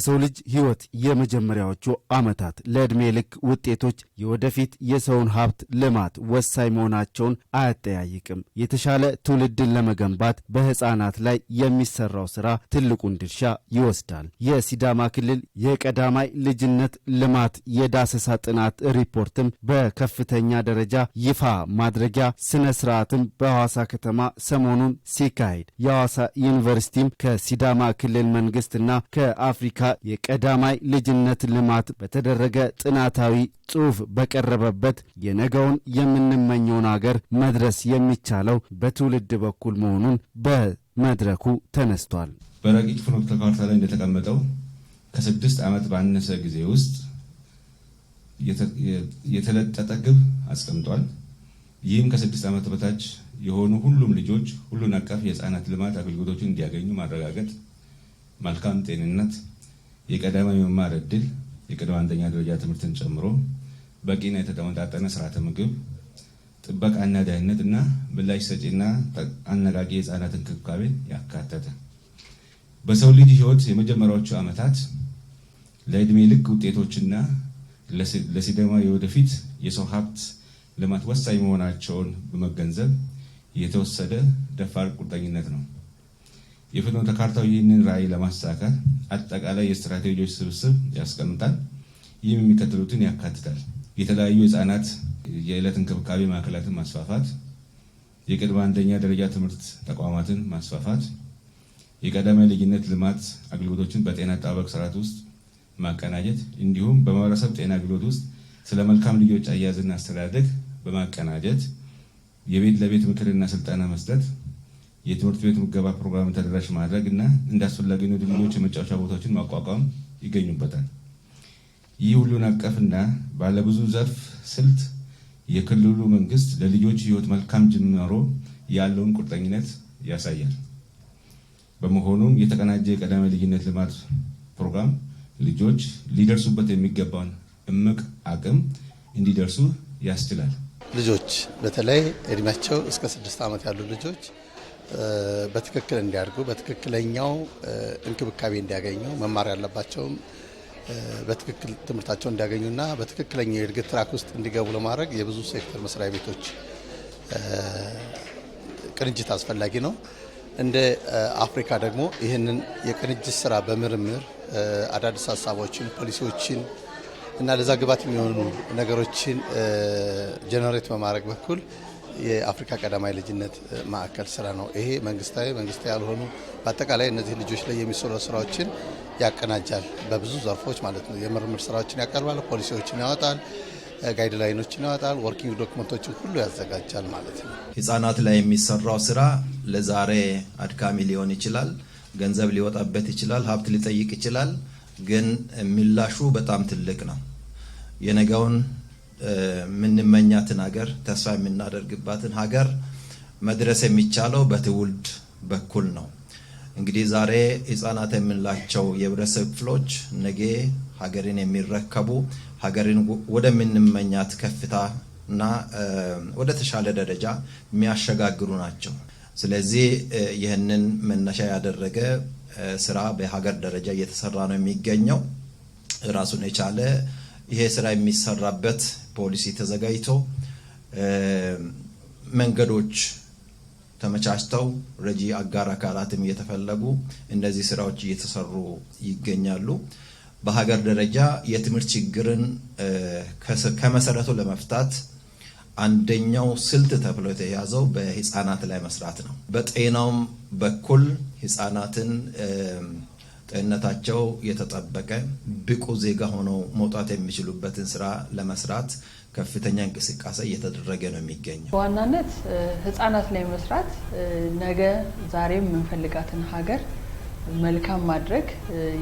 በሰው ልጅ ሕይወት የመጀመሪያዎቹ ዓመታት ለዕድሜ ልክ ውጤቶች የወደፊት የሰውን ሀብት ልማት ወሳኝ መሆናቸውን አያጠያይቅም። የተሻለ ትውልድን ለመገንባት በሕፃናት ላይ የሚሰራው ሥራ ትልቁን ድርሻ ይወስዳል። የሲዳማ ክልል የቀዳማይ ልጅነት ልማት የዳሰሳ ጥናት ሪፖርትም በከፍተኛ ደረጃ ይፋ ማድረጊያ ሥነ ሥርዓትም በሐዋሳ ከተማ ሰሞኑን ሲካሄድ የሐዋሳ ዩኒቨርሲቲም ከሲዳማ ክልል መንግሥትና ከአፍሪካ የቀዳማይ ልጅነት ልማት በተደረገ ጥናታዊ ጽሑፍ በቀረበበት የነገውን የምንመኘውን አገር መድረስ የሚቻለው በትውልድ በኩል መሆኑን በመድረኩ ተነስቷል። በረቂቅ ፍኖተ ካርታ ላይ እንደተቀመጠው ከስድስት ዓመት ባነሰ ጊዜ ውስጥ የተለጠጠ ግብ አስቀምጧል። ይህም ከስድስት ዓመት በታች የሆኑ ሁሉም ልጆች ሁሉን አቀፍ የህፃናት ልማት አገልግሎቶችን እንዲያገኙ ማረጋገጥ፣ መልካም ጤንነት የቀደመ መማር እድል የቅድመ አንደኛ ደረጃ ትምህርትን ጨምሮ በቂና የተመጣጠነ ስርዓተ ምግብ ጥበቃና ደህንነት እና ምላሽ ሰጪና አነቃቂ የህፃናት እንክብካቤ ያካተተ በሰው ልጅ ህይወት የመጀመሪያዎቹ ዓመታት ለእድሜ ልክ ውጤቶችና ለሲደማ የወደፊት የሰው ሀብት ልማት ወሳኝ መሆናቸውን በመገንዘብ የተወሰደ ደፋር ቁርጠኝነት ነው። የፍኖተ ካርታው ይህንን ራዕይ ለማሳካት አጠቃላይ የስትራቴጂዎች ስብስብ ያስቀምጣል። ይህም የሚከተሉትን ያካትታል። የተለያዩ የህፃናት የዕለት እንክብካቤ ማዕከላትን ማስፋፋት፣ የቅድመ አንደኛ ደረጃ ትምህርት ተቋማትን ማስፋፋት፣ የቀደመ ልጅነት ልማት አገልግሎቶችን በጤና አጠባበቅ ስርዓት ውስጥ ማቀናጀት፣ እንዲሁም በማህበረሰብ ጤና አገልግሎት ውስጥ ስለ መልካም ልጆች አያያዝና አስተዳደግ በማቀናጀት የቤት ለቤት ምክርና ስልጠና መስጠት የትምህርት ቤት ምገባ ፕሮግራም ተደራሽ ማድረግ እና እንዳስፈላጊ ነው ልጆች የመጫወቻ ቦታዎችን ማቋቋም ይገኙበታል። ይህ ሁሉን አቀፍና ባለብዙ ዘርፍ ስልት የክልሉ መንግስት ለልጆች ህይወት መልካም ጅምሮ ያለውን ቁርጠኝነት ያሳያል። በመሆኑም የተቀናጀ የቀዳሚ ልጅነት ልማት ፕሮግራም ልጆች ሊደርሱበት የሚገባውን እምቅ አቅም እንዲደርሱ ያስችላል። ልጆች በተለይ እድሜያቸው እስከ ስድስት ዓመት ያሉ ልጆች በትክክል እንዲያድጉ በትክክለኛው እንክብካቤ እንዲያገኙ መማር ያለባቸውም በትክክል ትምህርታቸው እንዲያገኙና በትክክለኛው የእድገት ትራክ ውስጥ እንዲገቡ ለማድረግ የብዙ ሴክተር መስሪያ ቤቶች ቅንጅት አስፈላጊ ነው። እንደ አፍሪካ ደግሞ ይህንን የቅንጅት ስራ በምርምር አዳዲስ ሀሳቦችን፣ ፖሊሲዎችን እና ለዛ ግባት የሚሆኑ ነገሮችን ጀነሬት በማድረግ በኩል የአፍሪካ ቀዳማዊ ልጅነት ማዕከል ስራ ነው። ይሄ መንግስታዊ፣ መንግስታዊ ያልሆኑ በአጠቃላይ እነዚህ ልጆች ላይ የሚሰሩ ስራዎችን ያቀናጃል፣ በብዙ ዘርፎች ማለት ነው። የምርምር ስራዎችን ያቀርባል፣ ፖሊሲዎችን ያወጣል ጋይድላይኖችን ያወጣል። ወርኪንግ ዶክመንቶችን ሁሉ ያዘጋጃል ማለት ነው። ህጻናት ላይ የሚሰራው ስራ ለዛሬ አድካሚ ሊሆን ይችላል፣ ገንዘብ ሊወጣበት ይችላል፣ ሀብት ሊጠይቅ ይችላል። ግን ምላሹ በጣም ትልቅ ነው። የነገውን የምንመኛትን ሀገር ተስፋ የምናደርግባትን ሀገር መድረስ የሚቻለው በትውልድ በኩል ነው። እንግዲህ ዛሬ ህጻናት የምንላቸው የህብረተሰብ ክፍሎች ነገ ሀገርን የሚረከቡ ሀገርን ወደምንመኛት ከፍታ እና ወደ ተሻለ ደረጃ የሚያሸጋግሩ ናቸው። ስለዚህ ይህንን መነሻ ያደረገ ስራ በሀገር ደረጃ እየተሰራ ነው የሚገኘው ራሱን የቻለ ይሄ ስራ የሚሰራበት ፖሊሲ ተዘጋጅቶ መንገዶች ተመቻችተው ረጂ አጋር አካላትም እየተፈለጉ እነዚህ ስራዎች እየተሰሩ ይገኛሉ። በሀገር ደረጃ የትምህርት ችግርን ከመሰረቱ ለመፍታት አንደኛው ስልት ተብሎ የተያዘው በህፃናት ላይ መስራት ነው። በጤናውም በኩል ህፃናትን ጤንነታቸው የተጠበቀ ብቁ ዜጋ ሆነው መውጣት የሚችሉበትን ስራ ለመስራት ከፍተኛ እንቅስቃሴ እየተደረገ ነው የሚገኘው። በዋናነት ህጻናት ላይ መስራት ነገ ዛሬም የምንፈልጋትን ሀገር መልካም ማድረግ፣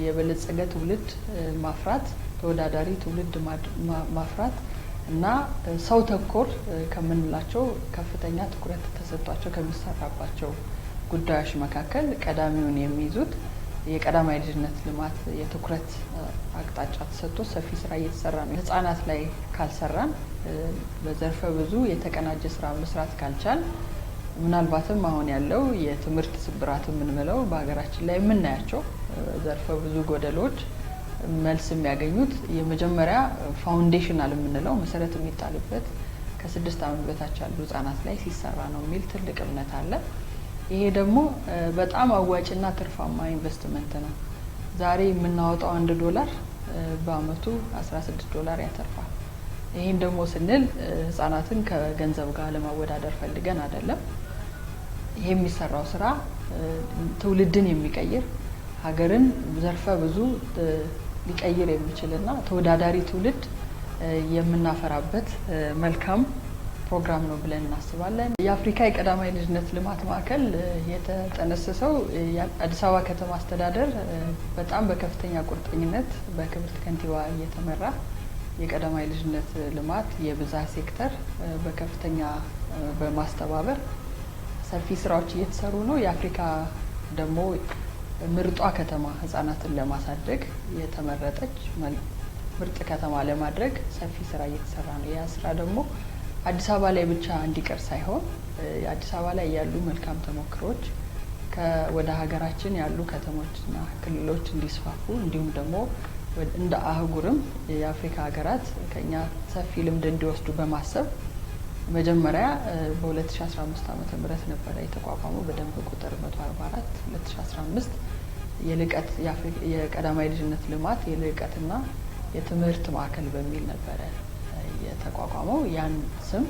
የበለጸገ ትውልድ ማፍራት፣ ተወዳዳሪ ትውልድ ማፍራት እና ሰው ተኮር ከምንላቸው ከፍተኛ ትኩረት ተሰጥቷቸው ከሚሰራባቸው ጉዳዮች መካከል ቀዳሚውን የሚይዙት የቀዳማዊ ልጅነት ልማት የትኩረት አቅጣጫ ተሰጥቶ ሰፊ ስራ እየተሰራ ነው። ህጻናት ላይ ካልሰራን በዘርፈ ብዙ የተቀናጀ ስራ መስራት ካልቻል ምናልባትም አሁን ያለው የትምህርት ስብራት የምንምለው በሀገራችን ላይ የምናያቸው ዘርፈ ብዙ ጎደሎች መልስ የሚያገኙት የመጀመሪያ ፋውንዴሽናል የምንለው መሰረት የሚጣልበት ከስድስት ዓመት በታች ያሉ ህጻናት ላይ ሲሰራ ነው የሚል ትልቅ እምነት አለ። ይሄ ደግሞ በጣም አዋጭና ትርፋማ ኢንቨስትመንት ነው። ዛሬ የምናወጣው አንድ ዶላር በአመቱ 16 ዶላር ያተርፋል። ይህን ደግሞ ስንል ህጻናትን ከገንዘብ ጋር ለማወዳደር ፈልገን አይደለም። ይሄ የሚሰራው ስራ ትውልድን የሚቀይር ሀገርን ዘርፈ ብዙ ሊቀይር የሚችልና ተወዳዳሪ ትውልድ የምናፈራበት መልካም ፕሮግራም ነው ብለን እናስባለን። የአፍሪካ የቀዳማይ ልጅነት ልማት ማዕከል የተጠነሰሰው የአዲስ አበባ ከተማ አስተዳደር በጣም በከፍተኛ ቁርጠኝነት በክብርት ከንቲባ እየተመራ የቀዳማይ ልጅነት ልማት የብዛ ሴክተር በከፍተኛ በማስተባበር ሰፊ ስራዎች እየተሰሩ ነው። የአፍሪካ ደግሞ ምርጧ ከተማ ህጻናትን ለማሳደግ የተመረጠች ምርጥ ከተማ ለማድረግ ሰፊ ስራ እየተሰራ ነው። ያ ስራ ደግሞ አዲስ አበባ ላይ ብቻ እንዲቀር ሳይሆን አዲስ አበባ ላይ ያሉ መልካም ተሞክሮች ወደ ሀገራችን ያሉ ከተሞችና ክልሎች እንዲስፋፉ እንዲሁም ደግሞ እንደ አህጉርም የአፍሪካ ሀገራት ከኛ ሰፊ ልምድ እንዲወስዱ በማሰብ መጀመሪያ በ2015 ዓ ም ነበረ የተቋቋመው በደንብ ቁጥር 144 2015 የልቀት የቀዳማዊ ልጅነት ልማት የልቀትና የትምህርት ማዕከል በሚል ነበረ የተቋቋመው ያን ስም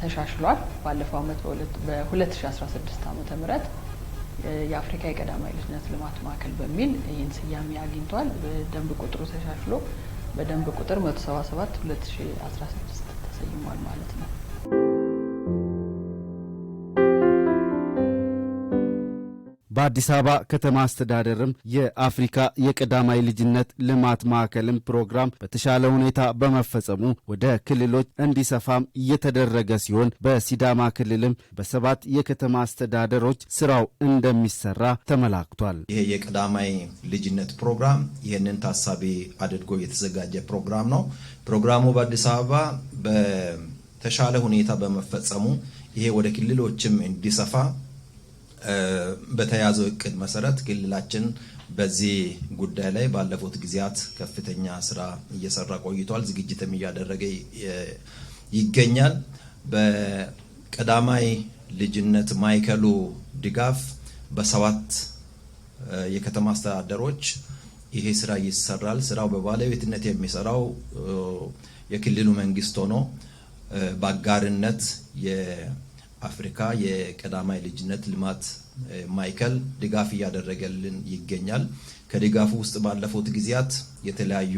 ተሻሽሏል። ባለፈው ዓመት በ2016 ዓመተ ምህረት የአፍሪካ የቀዳማዊ ልጅነት ልማት ማዕከል በሚል ይህን ስያሜ አግኝቷል። በደንብ ቁጥሩ ተሻሽሎ በደንብ ቁጥር 177 2016 ተሰይሟል ማለት ነው። የአዲስ አበባ ከተማ አስተዳደርም የአፍሪካ የቀዳማይ ልጅነት ልማት ማዕከልም ፕሮግራም በተሻለ ሁኔታ በመፈጸሙ ወደ ክልሎች እንዲሰፋም እየተደረገ ሲሆን በሲዳማ ክልልም በሰባት የከተማ አስተዳደሮች ስራው እንደሚሰራ ተመላክቷል። ይሄ የቀዳማይ ልጅነት ፕሮግራም ይህንን ታሳቢ አድርጎ የተዘጋጀ ፕሮግራም ነው። ፕሮግራሙ በአዲስ አበባ በተሻለ ሁኔታ በመፈጸሙ ይሄ ወደ ክልሎችም እንዲሰፋ በተያዘው እቅድ መሰረት ክልላችን በዚህ ጉዳይ ላይ ባለፉት ጊዜያት ከፍተኛ ስራ እየሰራ ቆይቷል። ዝግጅትም እያደረገ ይገኛል። በቀዳማይ ልጅነት ማዕከሉ ድጋፍ በሰባት የከተማ አስተዳደሮች ይሄ ስራ ይሰራል። ስራው በባለቤትነት የሚሰራው የክልሉ መንግስት ሆኖ በአጋርነት አፍሪካ የቀዳማይ ልጅነት ልማት ማዕከል ድጋፍ እያደረገልን ይገኛል። ከድጋፉ ውስጥ ባለፉት ጊዜያት የተለያዩ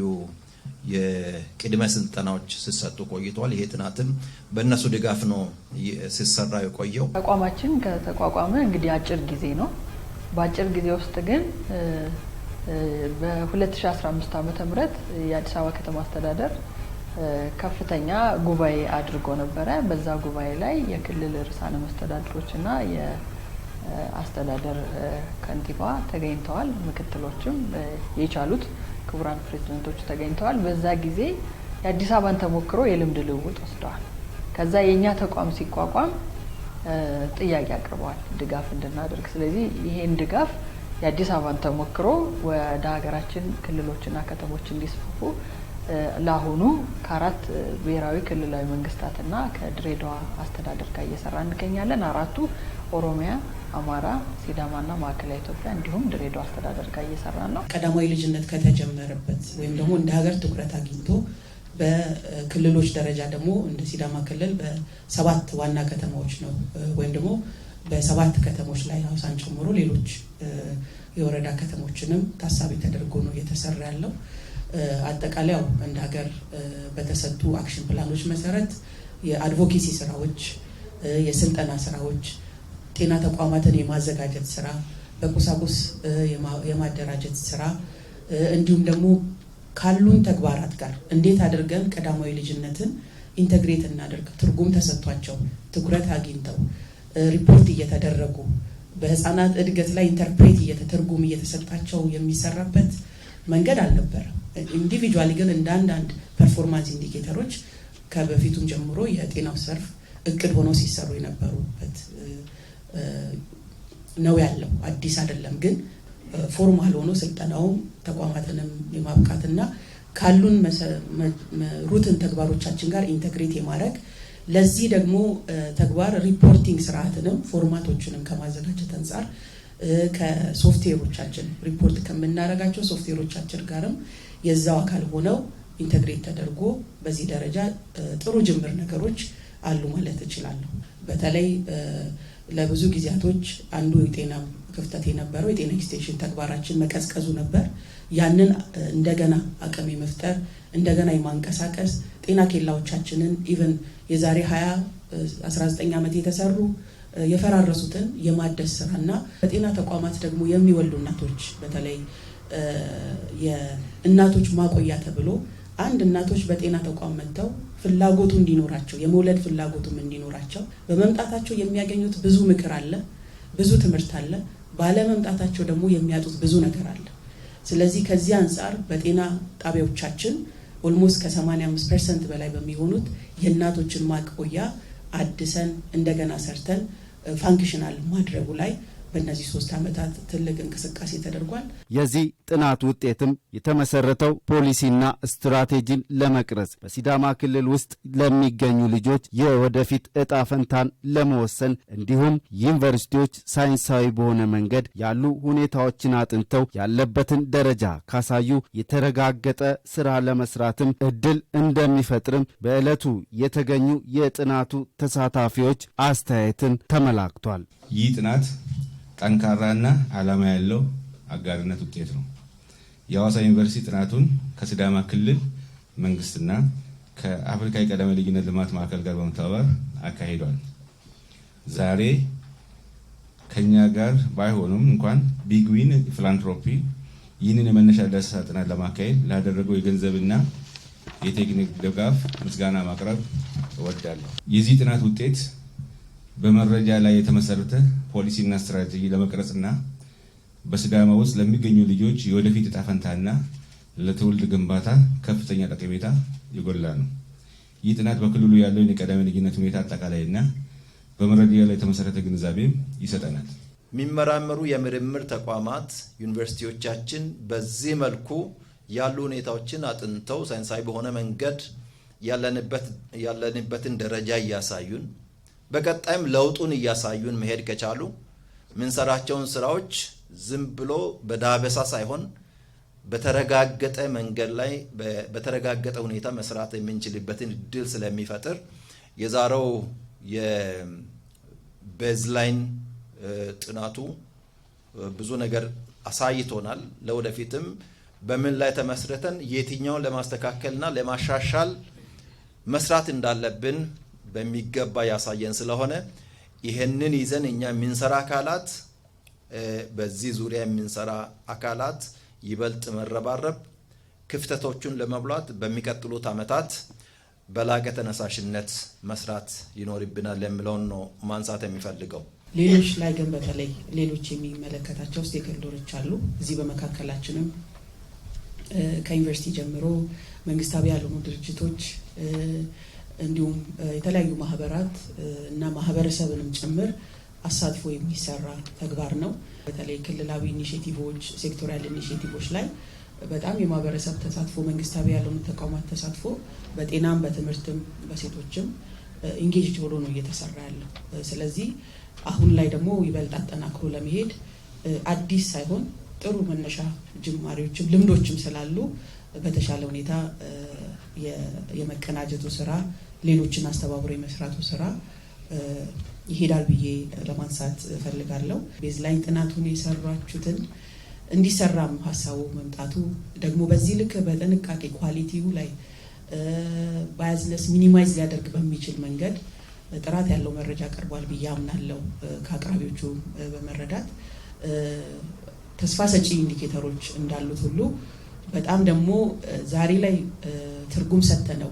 የቅድመ ስልጠናዎች ሲሰጡ ቆይተዋል። ይሄ ጥናትም በእነሱ ድጋፍ ነው ሲሰራ የቆየው። ተቋማችን ከተቋቋመ እንግዲህ አጭር ጊዜ ነው። በአጭር ጊዜ ውስጥ ግን በ2015 ም የአዲስ አበባ ከተማ አስተዳደር ከፍተኛ ጉባኤ አድርጎ ነበረ። በዛ ጉባኤ ላይ የክልል ርዕሳነ መስተዳድሮችና የአስተዳደር ከንቲባ ተገኝተዋል። ምክትሎችም የቻሉት ክቡራን ፕሬዚደንቶች ተገኝተዋል። በዛ ጊዜ የአዲስ አበባን ተሞክሮ የልምድ ልውውጥ ወስደዋል። ከዛ የእኛ ተቋም ሲቋቋም ጥያቄ አቅርበዋል ድጋፍ እንድናደርግ። ስለዚህ ይሄን ድጋፍ የአዲስ አበባን ተሞክሮ ወደ ሀገራችን ክልሎችና ከተሞች እንዲስፋፉ ለአሁኑ ከአራት ብሔራዊ ክልላዊ መንግስታትና ከድሬዳዋ አስተዳደር ጋር እየሰራ እንገኛለን። አራቱ ኦሮሚያ፣ አማራ፣ ሲዳማና ማዕከላዊ ኢትዮጵያ እንዲሁም ድሬዳዋ አስተዳደር ጋር እየሰራ ነው። ቀዳማዊ ልጅነት ከተጀመረበት ወይም ደግሞ እንደ ሀገር ትኩረት አግኝቶ በክልሎች ደረጃ ደግሞ እንደ ሲዳማ ክልል በሰባት ዋና ከተማዎች ነው ወይም ደግሞ በሰባት ከተሞች ላይ ሀውሳን ጨምሮ ሌሎች የወረዳ ከተሞችንም ታሳቢ ተደርጎ ነው እየተሰራ ያለው። አጠቃላይ እንደ ሀገር በተሰጡ አክሽን ፕላኖች መሰረት የአድቮኬሲ ስራዎች፣ የስልጠና ስራዎች፣ ጤና ተቋማትን የማዘጋጀት ስራ፣ በቁሳቁስ የማደራጀት ስራ እንዲሁም ደግሞ ካሉን ተግባራት ጋር እንዴት አድርገን ቀዳማዊ ልጅነትን ኢንተግሬት እናደርግ ትርጉም ተሰጥቷቸው ትኩረት አግኝተው ሪፖርት እየተደረጉ በህፃናት እድገት ላይ ኢንተርፕሬት እየተተርጉም እየተሰጣቸው የሚሰራበት መንገድ አልነበረም። ኢንዲቪጁዋሊ ግን እንደ አንዳንድ ፐርፎርማንስ ኢንዲኬተሮች ከበፊቱም ጀምሮ የጤናው ዘርፍ እቅድ ሆኖ ሲሰሩ የነበሩበት ነው ያለው። አዲስ አይደለም ግን ፎርማል ሆኖ ስልጠናውም ተቋማትንም የማብቃትና ካሉን ሩትን ተግባሮቻችን ጋር ኢንተግሬት የማድረግ ለዚህ ደግሞ ተግባር ሪፖርቲንግ ስርዓትንም ፎርማቶችንም ከማዘጋጀት አንጻር ከሶፍትዌሮቻችን ሪፖርት ከምናደርጋቸው ሶፍትዌሮቻችን ጋርም የዛው አካል ሆነው ኢንተግሬት ተደርጎ በዚህ ደረጃ ጥሩ ጅምር ነገሮች አሉ ማለት እችላለሁ። በተለይ ለብዙ ጊዜያቶች አንዱ የጤና ክፍተት የነበረው የጤና ኤክስቴንሽን ተግባራችን መቀዝቀዙ ነበር። ያንን እንደገና አቅም የመፍጠር እንደገና የማንቀሳቀስ ጤና ኬላዎቻችንን ኢቨን የዛሬ 20 19 ዓመት የተሰሩ የፈራረሱትን የማደስ ስራና በጤና ተቋማት ደግሞ የሚወልዱ እናቶች በተለይ የእናቶች ማቆያ ተብሎ አንድ እናቶች በጤና ተቋም መጥተው ፍላጎቱ እንዲኖራቸው የመውለድ ፍላጎቱም እንዲኖራቸው በመምጣታቸው የሚያገኙት ብዙ ምክር አለ፣ ብዙ ትምህርት አለ። ባለመምጣታቸው ደግሞ የሚያጡት ብዙ ነገር አለ። ስለዚህ ከዚህ አንጻር በጤና ጣቢያዎቻችን ኦልሞስት ከ85 ፐርሰንት በላይ በሚሆኑት የእናቶችን ማቆያ አድሰን እንደገና ሰርተን ፋንክሽናል ማድረጉ ላይ በእነዚህ ሶስት ዓመታት ትልቅ እንቅስቃሴ ተደርጓል። የዚህ ጥናት ውጤትም የተመሰረተው ፖሊሲና ስትራቴጂን ለመቅረጽ በሲዳማ ክልል ውስጥ ለሚገኙ ልጆች የወደፊት እጣ ፈንታን ለመወሰን እንዲሁም ዩኒቨርሲቲዎች ሳይንሳዊ በሆነ መንገድ ያሉ ሁኔታዎችን አጥንተው ያለበትን ደረጃ ካሳዩ የተረጋገጠ ስራ ለመስራትም እድል እንደሚፈጥርም በዕለቱ የተገኙ የጥናቱ ተሳታፊዎች አስተያየትን ተመላክቷል። ይህ ጥናት ጠንካራና ዓላማ ያለው አጋርነት ውጤት ነው። የሐዋሳ ዩኒቨርሲቲ ጥናቱን ከሲዳማ ክልል መንግስትና ከአፍሪካ የቀደመ ልዩነት ልማት ማዕከል ጋር በመተባበር አካሂዷል። ዛሬ ከኛ ጋር ባይሆኑም እንኳን ቢግዊን ፊላንትሮፒ ይህንን የመነሻ ዳሰሳ ጥናት ለማካሄድ ላደረገው የገንዘብና የቴክኒክ ድጋፍ ምስጋና ማቅረብ እወዳለሁ። የዚህ ጥናት ውጤት በመረጃ ላይ የተመሰረተ ፖሊሲና ስትራቴጂ ለመቅረጽና በስዳማ ውስጥ ለሚገኙ ልጆች የወደፊት ዕጣ ፈንታና ለትውልድ ግንባታ ከፍተኛ ጠቀሜታ የጎላ ነው። ይህ ጥናት በክልሉ ያለውን የቀዳሚ ልጅነት ሁኔታ አጠቃላይና በመረጃ ላይ የተመሰረተ ግንዛቤ ይሰጠናል። የሚመራመሩ የምርምር ተቋማት ዩኒቨርሲቲዎቻችን በዚህ መልኩ ያሉ ሁኔታዎችን አጥንተው ሳይንሳዊ በሆነ መንገድ ያለንበትን ደረጃ እያሳዩን በቀጣይም ለውጡን እያሳዩን መሄድ ከቻሉ ምንሰራቸውን ስራዎች ዝም ብሎ በዳበሳ ሳይሆን በተረጋገጠ መንገድ ላይ በተረጋገጠ ሁኔታ መስራት የምንችልበትን እድል ስለሚፈጥር የዛሬው የቤዝላይን ጥናቱ ብዙ ነገር አሳይቶናል። ለወደፊትም በምን ላይ ተመስርተን የትኛውን ለማስተካከልና ለማሻሻል መስራት እንዳለብን በሚገባ ያሳየን ስለሆነ ይህንን ይዘን እኛ የምንሰራ አካላት በዚህ ዙሪያ የምንሰራ አካላት ይበልጥ መረባረብ ክፍተቶቹን ለመብላት በሚቀጥሉት ዓመታት በላቀ ተነሳሽነት መስራት ይኖርብናል የሚለውን ነው ማንሳት የሚፈልገው። ሌሎች ላይ ግን በተለይ ሌሎች የሚመለከታቸው ስቴክሆልደሮች አሉ። እዚህ በመካከላችንም ከዩኒቨርሲቲ ጀምሮ መንግስታዊ ያልሆኑ ድርጅቶች እንዲሁም የተለያዩ ማህበራት እና ማህበረሰብንም ጭምር አሳትፎ የሚሰራ ተግባር ነው። በተለይ ክልላዊ ኢኒሼቲቮች፣ ሴክቶሪያል ኢኒሼቲቮች ላይ በጣም የማህበረሰብ ተሳትፎ መንግስታዊ ያልሆኑ ተቋማት ተሳትፎ በጤናም በትምህርትም በሴቶችም ኢንጌጅ ሆኖ ነው እየተሰራ ያለው። ስለዚህ አሁን ላይ ደግሞ ይበልጥ አጠናክሮ ለመሄድ አዲስ ሳይሆን ጥሩ መነሻ ጅማሬዎችም ልምዶችም ስላሉ በተሻለ ሁኔታ የመቀናጀቱ ስራ፣ ሌሎችን አስተባብሮ የመስራቱ ስራ ይሄዳል ብዬ ለማንሳት እፈልጋለሁ። ቤዝ ላይ ጥናቱን የሰራችሁትን እንዲሰራም ሀሳቡ መምጣቱ ደግሞ በዚህ ልክ በጥንቃቄ ኳሊቲው ላይ ባያዝነስ ሚኒማይዝ ሊያደርግ በሚችል መንገድ ጥራት ያለው መረጃ ቀርቧል ብዬ አምናለሁ። ከአቅራቢዎቹ በመረዳት ተስፋ ሰጪ ኢንዲኬተሮች እንዳሉት ሁሉ በጣም ደግሞ ዛሬ ላይ ትርጉም ነው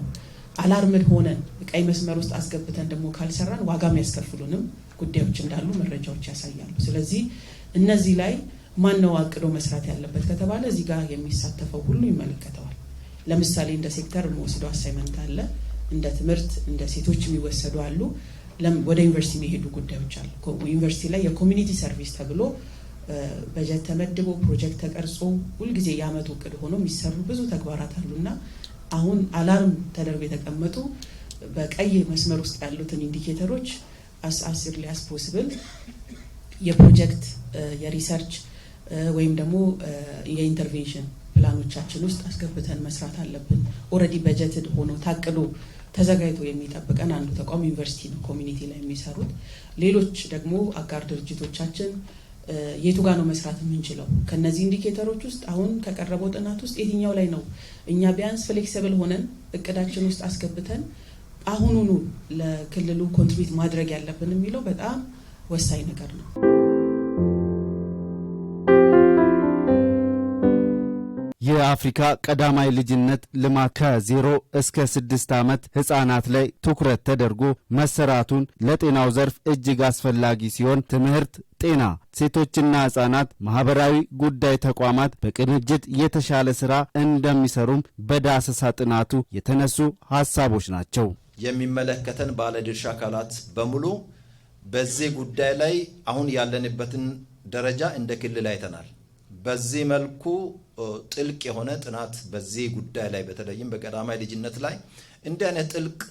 አላርምድ ሆነን ቀይ መስመር ውስጥ አስገብተን ደግሞ ካልሰራን ዋጋ የሚያስከፍሉንም ጉዳዮች እንዳሉ መረጃዎች ያሳያሉ። ስለዚህ እነዚህ ላይ ነው አቅዶ መስራት ያለበት ከተባለ እዚህ ጋር የሚሳተፈው ሁሉ ይመለከተዋል። ለምሳሌ እንደ ሴክተር መወስዶ አሳይመንት አለ፣ እንደ ትምህርት እንደ ሴቶች የሚወሰዱ አሉ፣ ወደ ዩኒቨርሲቲ የሚሄዱ ጉዳዮች አሉ። ዩኒቨርሲቲ ላይ የኮሚኒቲ ሰርቪስ ተብሎ በጀት ተመድቦ ፕሮጀክት ተቀርጾ ሁልጊዜ የአመቱ እቅድ ሆኖ የሚሰሩ ብዙ ተግባራት አሉና አሁን አላርም ተደርጎ የተቀመጡ በቀይ መስመር ውስጥ ያሉትን ኢንዲኬተሮች አስር ሊያስ ፖስብል የፕሮጀክት የሪሰርች ወይም ደግሞ የኢንተርቬንሽን ፕላኖቻችን ውስጥ አስገብተን መስራት አለብን። ኦልሬዲ በጀትድ ሆኖ ታቅዶ ተዘጋጅቶ የሚጠብቀን አንዱ ተቋም ዩኒቨርሲቲ ነው፣ ኮሚኒቲ ላይ የሚሰሩት ሌሎች ደግሞ አጋር ድርጅቶቻችን የቱ ጋር ነው መስራት የምንችለው? ከነዚህ ኢንዲኬተሮች ውስጥ አሁን ከቀረበው ጥናት ውስጥ የትኛው ላይ ነው እኛ ቢያንስ ፍሌክሲብል ሆነን እቅዳችን ውስጥ አስገብተን አሁኑኑ ለክልሉ ኮንትሪቢዩት ማድረግ ያለብን የሚለው በጣም ወሳኝ ነገር ነው። የአፍሪካ ቀዳማይ ልጅነት ልማት ከዜሮ እስከ ስድስት ዓመት ሕፃናት ላይ ትኩረት ተደርጎ መሰራቱን ለጤናው ዘርፍ እጅግ አስፈላጊ ሲሆን ትምህርት፣ ጤና ሴቶችና ህጻናት ማህበራዊ ጉዳይ ተቋማት በቅንጅት የተሻለ ስራ እንደሚሰሩም በዳሰሳ ጥናቱ የተነሱ ሀሳቦች ናቸው። የሚመለከተን ባለድርሻ አካላት በሙሉ በዚህ ጉዳይ ላይ አሁን ያለንበትን ደረጃ እንደ ክልል አይተናል። በዚህ መልኩ ጥልቅ የሆነ ጥናት በዚህ ጉዳይ ላይ በተለይም በቀዳማይ ልጅነት ላይ እንዲህ አይነት ጥልቅ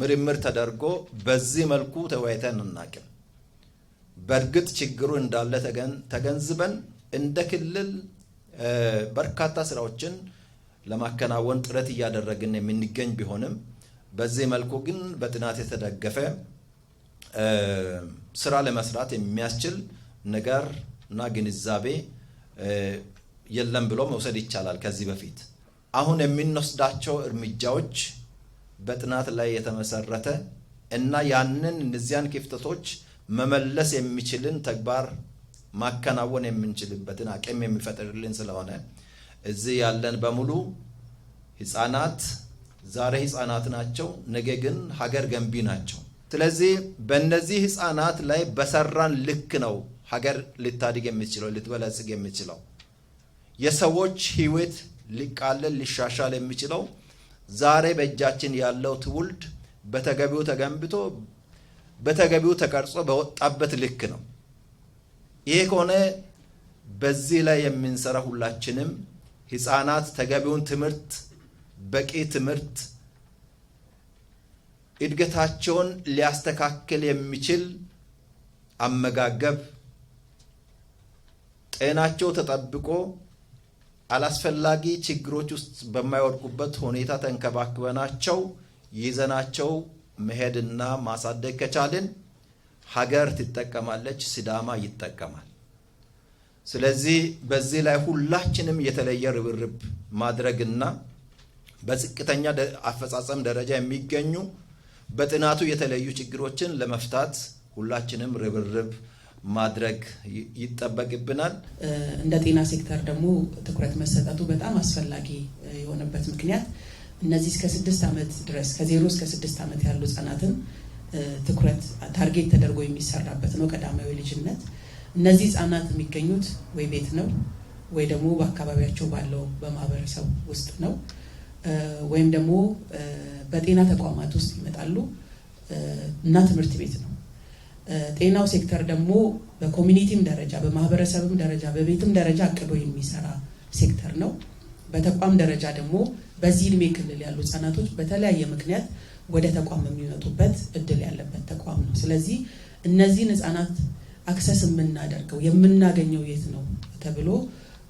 ምርምር ተደርጎ በዚህ መልኩ ተወያይተን እናቅም። በእርግጥ ችግሩ እንዳለ ተገንዝበን እንደ ክልል በርካታ ስራዎችን ለማከናወን ጥረት እያደረግን የምንገኝ ቢሆንም በዚህ መልኩ ግን በጥናት የተደገፈ ስራ ለመስራት የሚያስችል ነገር እና ግንዛቤ የለም ብሎ መውሰድ ይቻላል። ከዚህ በፊት አሁን የምንወስዳቸው እርምጃዎች በጥናት ላይ የተመሰረተ እና ያንን እነዚያን ክፍተቶች መመለስ የሚችልን ተግባር ማከናወን የምንችልበትን አቅም የሚፈጥርልን ስለሆነ እዚህ ያለን በሙሉ ህፃናት ዛሬ ህፃናት ናቸው፣ ነገ ግን ሀገር ገንቢ ናቸው። ስለዚህ በእነዚህ ህፃናት ላይ በሰራን ልክ ነው ሀገር ልታድግ የሚችለው ልትበለጽግ የሚችለው የሰዎች ህይወት ሊቃለል ሊሻሻል የሚችለው ዛሬ በእጃችን ያለው ትውልድ በተገቢው ተገንብቶ በተገቢው ተቀርጾ በወጣበት ልክ ነው። ይሄ ከሆነ በዚህ ላይ የምንሰራ ሁላችንም ህፃናት ተገቢውን ትምህርት፣ በቂ ትምህርት እድገታቸውን ሊያስተካክል የሚችል አመጋገብ፣ ጤናቸው ተጠብቆ አላስፈላጊ ችግሮች ውስጥ በማይወድቁበት ሁኔታ ተንከባክበናቸው ይዘናቸው መሄድና ማሳደግ ከቻልን ሀገር ትጠቀማለች፣ ሲዳማ ይጠቀማል። ስለዚህ በዚህ ላይ ሁላችንም የተለየ ርብርብ ማድረግና በዝቅተኛ አፈጻጸም ደረጃ የሚገኙ በጥናቱ የተለዩ ችግሮችን ለመፍታት ሁላችንም ርብርብ ማድረግ ይጠበቅብናል። እንደ ጤና ሴክተር ደግሞ ትኩረት መሰጠቱ በጣም አስፈላጊ የሆነበት ምክንያት እነዚህ እስከ ስድስት ዓመት ድረስ ከዜሮ እስከ ስድስት ዓመት ያሉ ህጻናትን ትኩረት ታርጌት ተደርጎ የሚሰራበት ነው ቀዳማዊ ልጅነት። እነዚህ ህጻናት የሚገኙት ወይ ቤት ነው ወይ ደግሞ በአካባቢያቸው ባለው በማህበረሰብ ውስጥ ነው ወይም ደግሞ በጤና ተቋማት ውስጥ ይመጣሉ እና ትምህርት ቤት ነው። ጤናው ሴክተር ደግሞ በኮሚኒቲም ደረጃ በማህበረሰብም ደረጃ በቤትም ደረጃ አቅዶ የሚሰራ ሴክተር ነው። በተቋም ደረጃ ደግሞ በዚህ እድሜ ክልል ያሉ ህጻናቶች በተለያየ ምክንያት ወደ ተቋም የሚመጡበት እድል ያለበት ተቋም ነው። ስለዚህ እነዚህን ህጻናት አክሰስ የምናደርገው የምናገኘው የት ነው ተብሎ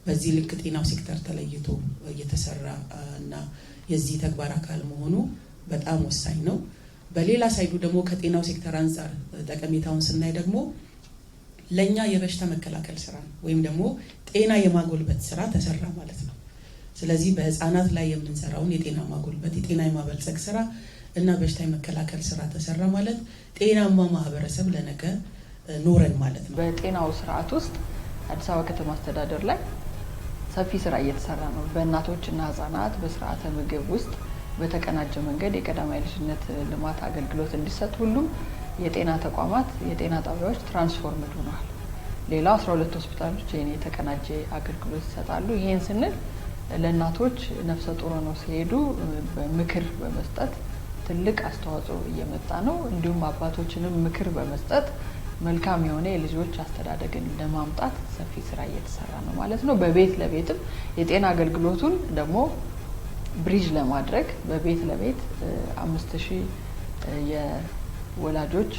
በዚህ ልክ ጤናው ሴክተር ተለይቶ እየተሰራ እና የዚህ ተግባር አካል መሆኑ በጣም ወሳኝ ነው። በሌላ ሳይዱ ደግሞ ከጤናው ሴክተር አንጻር ጠቀሜታውን ስናይ ደግሞ ለእኛ የበሽታ መከላከል ስራ ነው ወይም ደግሞ ጤና የማጎልበት ስራ ተሰራ ማለት ነው። ስለዚህ በህፃናት ላይ የምንሰራውን የጤና ማጎልበት የጤና የማበልጸግ ስራ እና በሽታ የመከላከል ስራ ተሰራ ማለት ጤናማ ማህበረሰብ ለነገ ኖረን ማለት ነው። በጤናው ስርዓት ውስጥ አዲስ አበባ ከተማ አስተዳደር ላይ ሰፊ ስራ እየተሰራ ነው። በእናቶችና ህጻናት በስርዓተ ምግብ ውስጥ በተቀናጀ መንገድ የቀዳማይ ልጅነት ልማት አገልግሎት እንዲሰጥ ሁሉም የጤና ተቋማት የጤና ጣቢያዎች ትራንስፎርምድ ሆነዋል። ሌላው 12 ሆስፒታሎች ይህን የተቀናጀ አገልግሎት ይሰጣሉ። ይህን ስንል ለእናቶች ነፍሰ ጡር ነው ሲሄዱ ምክር በመስጠት ትልቅ አስተዋጽኦ እየመጣ ነው። እንዲሁም አባቶችንም ምክር በመስጠት መልካም የሆነ የልጆች አስተዳደግን ለማምጣት ሰፊ ስራ እየተሰራ ነው ማለት ነው። በቤት ለቤትም የጤና አገልግሎቱን ደግሞ ብሪጅ ለማድረግ በቤት ለቤት አምስት ሺህ የወላጆች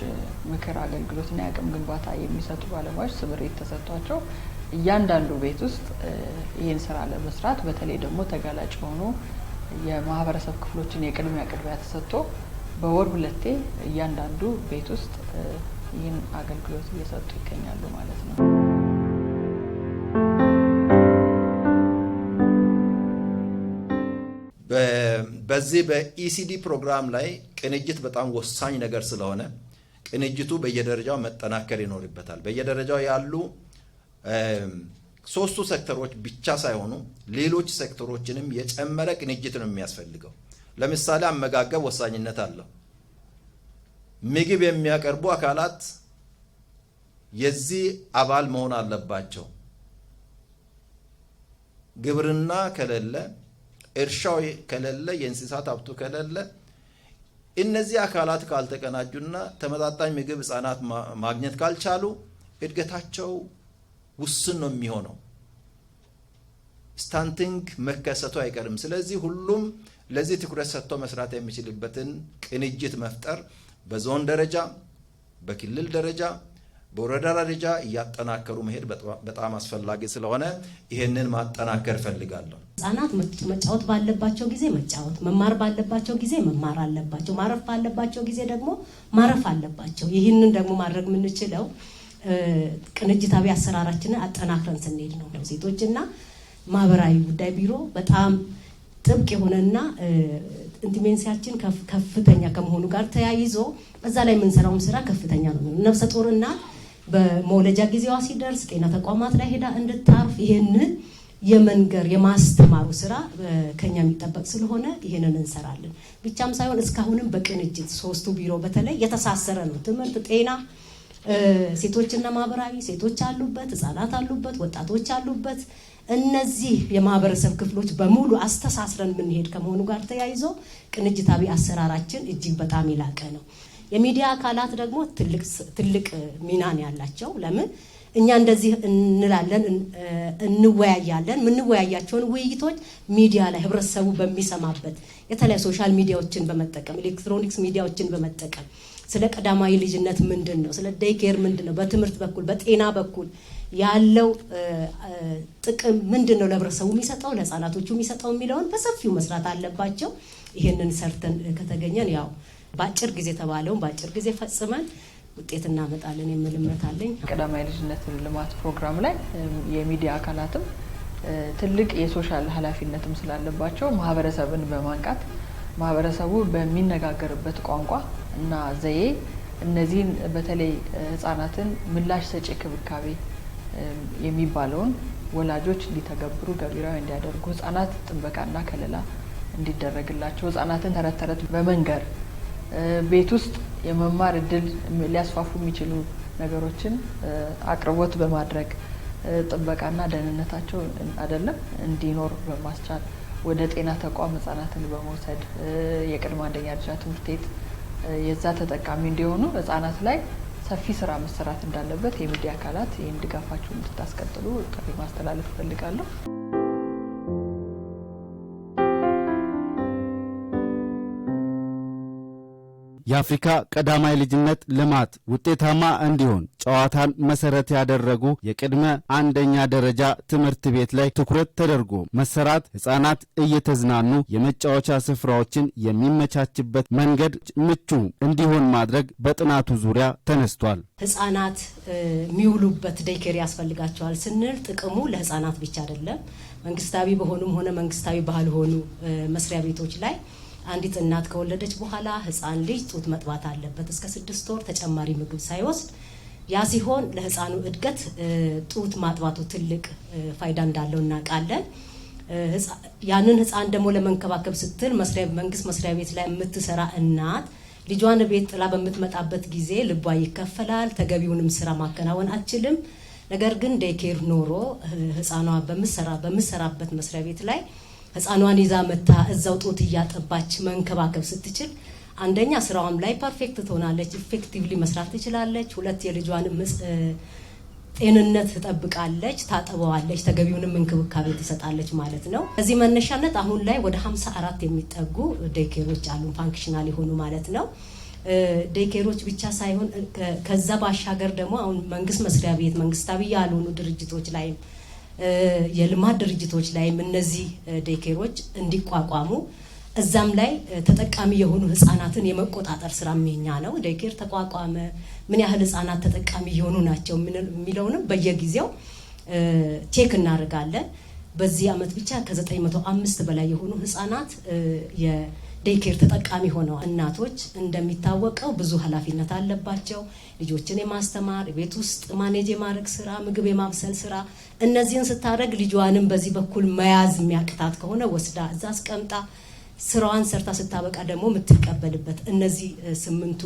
ምክር አገልግሎትና የአቅም ግንባታ የሚሰጡ ባለሙያዎች ስምሪት ተሰጥቷቸው እያንዳንዱ ቤት ውስጥ ይህን ስራ ለመስራት በተለይ ደግሞ ተጋላጭ የሆኑ የማህበረሰብ ክፍሎችን የቅድሚያ ቅድሚያ ተሰጥቶ በወር ሁለቴ እያንዳንዱ ቤት ውስጥ ይህን አገልግሎት እየሰጡ ይገኛሉ ማለት ነው። በዚህ በኢሲዲ ፕሮግራም ላይ ቅንጅት በጣም ወሳኝ ነገር ስለሆነ ቅንጅቱ በየደረጃው መጠናከር ይኖርበታል። በየደረጃው ያሉ ሶስቱ ሴክተሮች ብቻ ሳይሆኑ ሌሎች ሴክተሮችንም የጨመረ ቅንጅት ነው የሚያስፈልገው። ለምሳሌ አመጋገብ ወሳኝነት አለው። ምግብ የሚያቀርቡ አካላት የዚህ አባል መሆን አለባቸው። ግብርና ከሌለ፣ እርሻው ከሌለ፣ የእንስሳት ሀብቱ ከሌለ እነዚህ አካላት ካልተቀናጁና ተመጣጣኝ ምግብ ህጻናት ማግኘት ካልቻሉ እድገታቸው ውስን ነው የሚሆነው። ስታንቲንግ መከሰቱ አይቀርም። ስለዚህ ሁሉም ለዚህ ትኩረት ሰጥቶ መስራት የሚችልበትን ቅንጅት መፍጠር በዞን ደረጃ፣ በክልል ደረጃ፣ በወረዳ ደረጃ እያጠናከሩ መሄድ በጣም አስፈላጊ ስለሆነ ይህንን ማጠናከር እፈልጋለሁ። ህጻናት መጫወት ባለባቸው ጊዜ መጫወት፣ መማር ባለባቸው ጊዜ መማር አለባቸው። ማረፍ ባለባቸው ጊዜ ደግሞ ማረፍ አለባቸው። ይህንን ደግሞ ማድረግ የምንችለው ቅንጅታዊ አሰራራችንን አጠናክረን ስንሄድ ነው። ሴቶችና ማህበራዊ ጉዳይ ቢሮ በጣም ጥብቅ የሆነና ኢንቲሜንሲያችን ከፍተኛ ከመሆኑ ጋር ተያይዞ በዛ ላይ የምንሰራውን ስራ ከፍተኛ ነው። ነፍሰ ጡር እናት በመውለጃ ጊዜዋ ሲደርስ ጤና ተቋማት ላይ ሄዳ እንድታርፍ ይህንን የመንገር የማስተማሩ ስራ ከኛ የሚጠበቅ ስለሆነ ይህንን እንሰራለን ብቻም ሳይሆን እስካሁንም በቅንጅት ሶስቱ ቢሮ በተለይ የተሳሰረ ነው። ትምህርት፣ ጤና ሴቶችና ማህበራዊ ሴቶች አሉበት፣ ህጻናት አሉበት፣ ወጣቶች አሉበት። እነዚህ የማህበረሰብ ክፍሎች በሙሉ አስተሳስረን የምንሄድ ከመሆኑ ጋር ተያይዞ ቅንጅታዊ አሰራራችን እጅግ በጣም የላቀ ነው። የሚዲያ አካላት ደግሞ ትልቅ ሚና ነው ያላቸው። ለምን እኛ እንደዚህ እንላለን፣ እንወያያለን። የምንወያያቸውን ውይይቶች ሚዲያ ላይ ህብረተሰቡ በሚሰማበት የተለያዩ ሶሻል ሚዲያዎችን በመጠቀም ኤሌክትሮኒክስ ሚዲያዎችን በመጠቀም ስለ ቀዳማዊ ልጅነት ምንድን ነው፣ ስለ ዴይኬር ምንድን ነው፣ በትምህርት በኩል በጤና በኩል ያለው ጥቅም ምንድን ነው፣ ለህብረተሰቡ የሚሰጠው ለህፃናቶቹ የሚሰጠው የሚለውን በሰፊው መስራት አለባቸው። ይህንን ሰርተን ከተገኘን ያው በአጭር ጊዜ ተባለውን በአጭር ጊዜ ፈጽመን ውጤት እናመጣለን የሚል እምነት አለኝ። ቀዳማዊ ልጅነት ልማት ፕሮግራም ላይ የሚዲያ አካላትም ትልቅ የሶሻል ኃላፊነትም ስላለባቸው ማህበረሰብን በማንቃት ማህበረሰቡ በሚነጋገርበት ቋንቋ እና ዘዬ እነዚህን በተለይ ህጻናትን ምላሽ ሰጪ ክብካቤ የሚባለውን ወላጆች እንዲተገብሩ ገቢራዊ እንዲያደርጉ ህጻናት ጥበቃና ከለላ እንዲደረግላቸው ህጻናትን ተረት ተረት በመንገር ቤት ውስጥ የመማር እድል ሊያስፋፉ የሚችሉ ነገሮችን አቅርቦት በማድረግ ጥበቃና ደህንነታቸው አይደለም እንዲኖር በማስቻል ወደ ጤና ተቋም ህጻናትን በመውሰድ የቅድመ አንደኛ ደረጃ ትምህርት ቤት የዛ ተጠቃሚ እንዲሆኑ ህጻናት ላይ ሰፊ ስራ መሰራት እንዳለበት የሚዲያ አካላት ይህን ድጋፋችሁ እንድታስቀጥሉ ጥሪ ማስተላለፍ እፈልጋለሁ። የአፍሪካ ቀዳማይ ልጅነት ልማት ውጤታማ እንዲሆን ጨዋታን መሰረት ያደረጉ የቅድመ አንደኛ ደረጃ ትምህርት ቤት ላይ ትኩረት ተደርጎ መሰራት፣ ሕፃናት እየተዝናኑ የመጫወቻ ስፍራዎችን የሚመቻችበት መንገድ ምቹ እንዲሆን ማድረግ በጥናቱ ዙሪያ ተነስቷል። ሕፃናት የሚውሉበት ዴይኬር ያስፈልጋቸዋል ስንል ጥቅሙ ለሕፃናት ብቻ አይደለም። መንግስታዊ በሆኑም ሆነ መንግስታዊ ባልሆኑ መስሪያ ቤቶች ላይ አንዲት እናት ከወለደች በኋላ ህፃን ልጅ ጡት መጥባት አለበት እስከ ስድስት ወር ተጨማሪ ምግብ ሳይወስድ። ያ ሲሆን ለህፃኑ እድገት ጡት ማጥባቱ ትልቅ ፋይዳ እንዳለው እናውቃለን። ያንን ህፃን ደግሞ ለመንከባከብ ስትል መንግስት መስሪያ ቤት ላይ የምትሰራ እናት ልጇን ቤት ጥላ በምትመጣበት ጊዜ ልቧ ይከፈላል፣ ተገቢውንም ስራ ማከናወን አትችልም። ነገር ግን ዴይኬር ኖሮ ህፃኗ በምሰራበት መስሪያ ቤት ላይ ህፃኗን ይዛ መታ እዛው ጦት እያጠባች መንከባከብ ስትችል አንደኛ ስራዋም ላይ ፐርፌክት ትሆናለች፣ ኢፌክቲቭሊ መስራት ትችላለች። ሁለት የልጇን ጤንነት ትጠብቃለች፣ ታጠበዋለች፣ ተገቢውንም እንክብካቤ ትሰጣለች ማለት ነው። ከዚህ መነሻነት አሁን ላይ ወደ 54 የሚጠጉ ዴይኬሮች አሉ፣ ፋንክሽናል የሆኑ ማለት ነው። ዴይኬሮች ብቻ ሳይሆን ከዛ ባሻገር ደግሞ አሁን መንግስት መስሪያ ቤት መንግስታዊ ያልሆኑ ድርጅቶች ላይ የልማት ድርጅቶች ላይም እነዚህ ዴኬሮች እንዲቋቋሙ እዛም ላይ ተጠቃሚ የሆኑ ህጻናትን የመቆጣጠር ስራ የኛ ነው። ዴኬር ተቋቋመ፣ ምን ያህል ህጻናት ተጠቃሚ የሆኑ ናቸው የሚለውንም በየጊዜው ቼክ እናደርጋለን። በዚህ አመት ብቻ ከ905 በላይ የሆኑ ህጻናት ዴይኬር ተጠቃሚ ሆነው እናቶች እንደሚታወቀው ብዙ ኃላፊነት አለባቸው። ልጆችን የማስተማር ቤት ውስጥ ማኔጅ የማድረግ ስራ፣ ምግብ የማብሰል ስራ፣ እነዚህን ስታደረግ ልጇንም በዚህ በኩል መያዝ የሚያቅታት ከሆነ ወስዳ እዛ አስቀምጣ ስራዋን ሰርታ ስታበቃ ደግሞ የምትቀበልበት እነዚህ ስምንቱ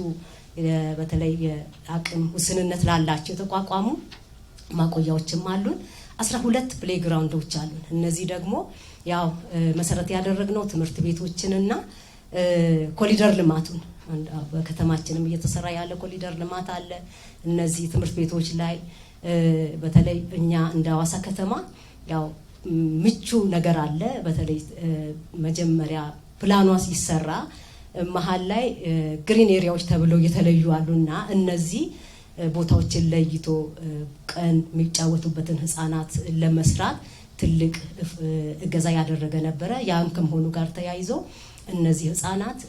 በተለይ የአቅም ውስንነት ላላቸው የተቋቋሙ ማቆያዎችም አሉን። አስራ ሁለት ፕሌግራውንዶች አሉን። እነዚህ ደግሞ ያው መሰረት ያደረግነው ትምህርት ቤቶችንና ኮሊደር ልማቱን በከተማችንም እየተሰራ ያለ ኮሊደር ልማት አለ። እነዚህ ትምህርት ቤቶች ላይ በተለይ እኛ እንደ ሀዋሳ ከተማ ያው ምቹ ነገር አለ። በተለይ መጀመሪያ ፕላኗ ሲሰራ መሀል ላይ ግሪን ኤሪያዎች ተብለው እየተለዩ አሉና እነዚህ ቦታዎችን ለይቶ ቀን የሚጫወቱበትን ህጻናት ለመስራት ትልቅ እገዛ ያደረገ ነበረ። ያም ከመሆኑ ጋር ተያይዞ እነዚህ ህጻናት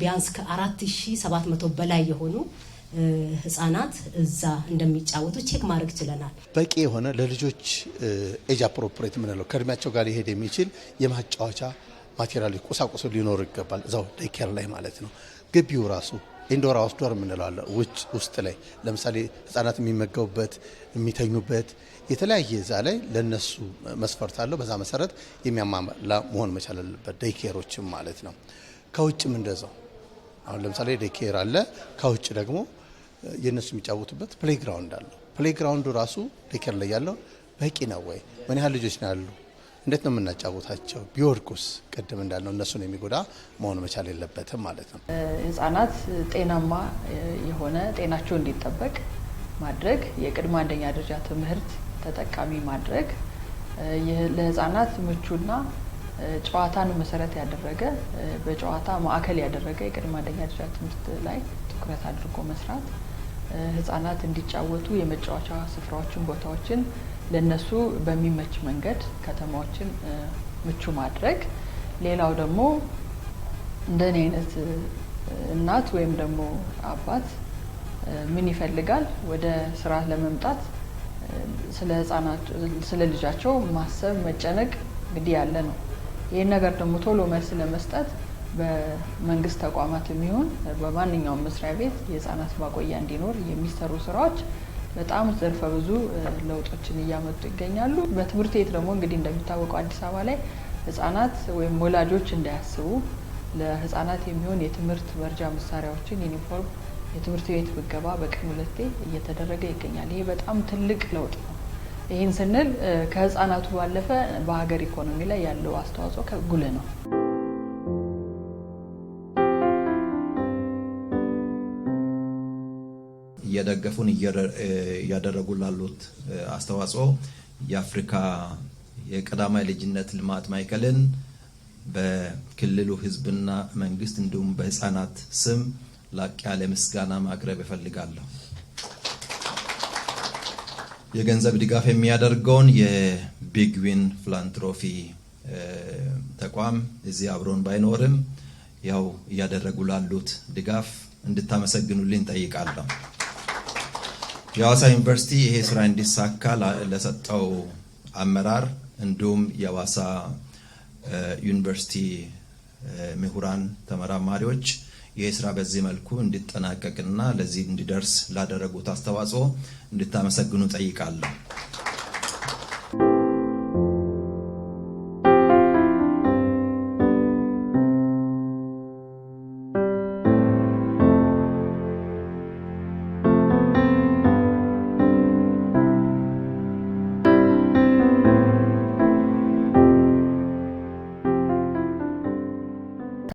ቢያንስ ከ4700 በላይ የሆኑ ህጻናት እዛ እንደሚጫወቱ ቼክ ማድረግ ችለናል። በቂ የሆነ ለልጆች ኤጅ አፕሮፕሬት የምንለው ከእድሜያቸው ጋር ሊሄድ የሚችል የማጫወቻ ማቴሪያል ቁሳቁሶ ሊኖር ይገባል። እዛው ዴይኬር ላይ ማለት ነው። ግቢው ራሱ ኢንዶር አውትዶር የምንለው አለ። ውጭ ውስጥ ላይ ለምሳሌ ህጻናት የሚመገቡበት የሚተኙበት የተለያየ እዛ ላይ ለነሱ መስፈርት አለው። በዛ መሰረት የሚያሟላ መሆን መቻል አለበት። ደይኬሮችም ማለት ነው። ከውጭም እንደዛው አሁን ለምሳሌ ደይኬር አለ። ከውጭ ደግሞ የእነሱ የሚጫወቱበት ፕሌይግራውንድ አለው። ፕሌይግራውንዱ ራሱ ደይኬር ላይ ያለው በቂ ነው ወይ? ምን ያህል ልጆች ነው ያሉ? እንዴት ነው የምናጫወታቸው? ቢወድቁስ? ቅድም እንዳልነው እነሱን የሚጎዳ መሆን መቻል የለበትም ማለት ነው። ህጻናት ጤናማ የሆነ ጤናቸው እንዲጠበቅ ማድረግ የቅድመ አንደኛ ደረጃ ትምህርት ተጠቃሚ ማድረግ ለህፃናት ምቹና ጨዋታን መሰረት ያደረገ በጨዋታ ማዕከል ያደረገ የቅድመ አንደኛ ደረጃ ትምህርት ላይ ትኩረት አድርጎ መስራት፣ ህጻናት እንዲጫወቱ የመጫወቻ ስፍራዎችን፣ ቦታዎችን ለነሱ በሚመች መንገድ ከተማዎችን ምቹ ማድረግ። ሌላው ደግሞ እንደኔ አይነት እናት ወይም ደግሞ አባት ምን ይፈልጋል ወደ ስራ ለመምጣት ስለ ህጻናት ስለ ልጃቸው ማሰብ መጨነቅ ግድ ያለ ነው። ይህን ነገር ደግሞ ቶሎ መልስ ለመስጠት በመንግስት ተቋማት የሚሆን በማንኛውም መስሪያ ቤት የህጻናት ማቆያ እንዲኖር የሚሰሩ ስራዎች በጣም ዘርፈ ብዙ ለውጦችን እያመጡ ይገኛሉ። በትምህርት ቤት ደግሞ እንግዲህ እንደሚታወቀው አዲስ አበባ ላይ ህጻናት ወይም ወላጆች እንዳያስቡ ለህጻናት የሚሆን የትምህርት መርጃ መሳሪያዎችን ዩኒፎርም የትምህርት ቤት ምገባ በቀን ሁለቴ እየተደረገ ይገኛል። ይሄ በጣም ትልቅ ለውጥ ነው። ይህን ስንል ከህፃናቱ ባለፈ በሀገር ኢኮኖሚ ላይ ያለው አስተዋጽኦ ከጉል ነው። እየደገፉን እያደረጉ ላሉት አስተዋጽኦ የአፍሪካ የቀዳማይ ልጅነት ልማት ማዕከልን በክልሉ ህዝብና መንግስት እንዲሁም በህፃናት ስም ላቅ ያለ ምስጋና ማቅረብ እፈልጋለሁ። የገንዘብ ድጋፍ የሚያደርገውን የቢግ ዊን ፊላንትሮፊ ተቋም እዚህ አብሮን ባይኖርም ያው እያደረጉ ላሉት ድጋፍ እንድታመሰግኑልኝ ጠይቃለሁ። የሐዋሳ ዩኒቨርሲቲ ይሄ ስራ እንዲሳካ ለሰጠው አመራር እንዲሁም የሐዋሳ ዩኒቨርሲቲ ምሁራን ተመራማሪዎች ይህ ስራ በዚህ መልኩ እንዲጠናቀቅና ለዚህ እንዲደርስ ላደረጉት አስተዋጽኦ እንድታመሰግኑ ጠይቃለሁ።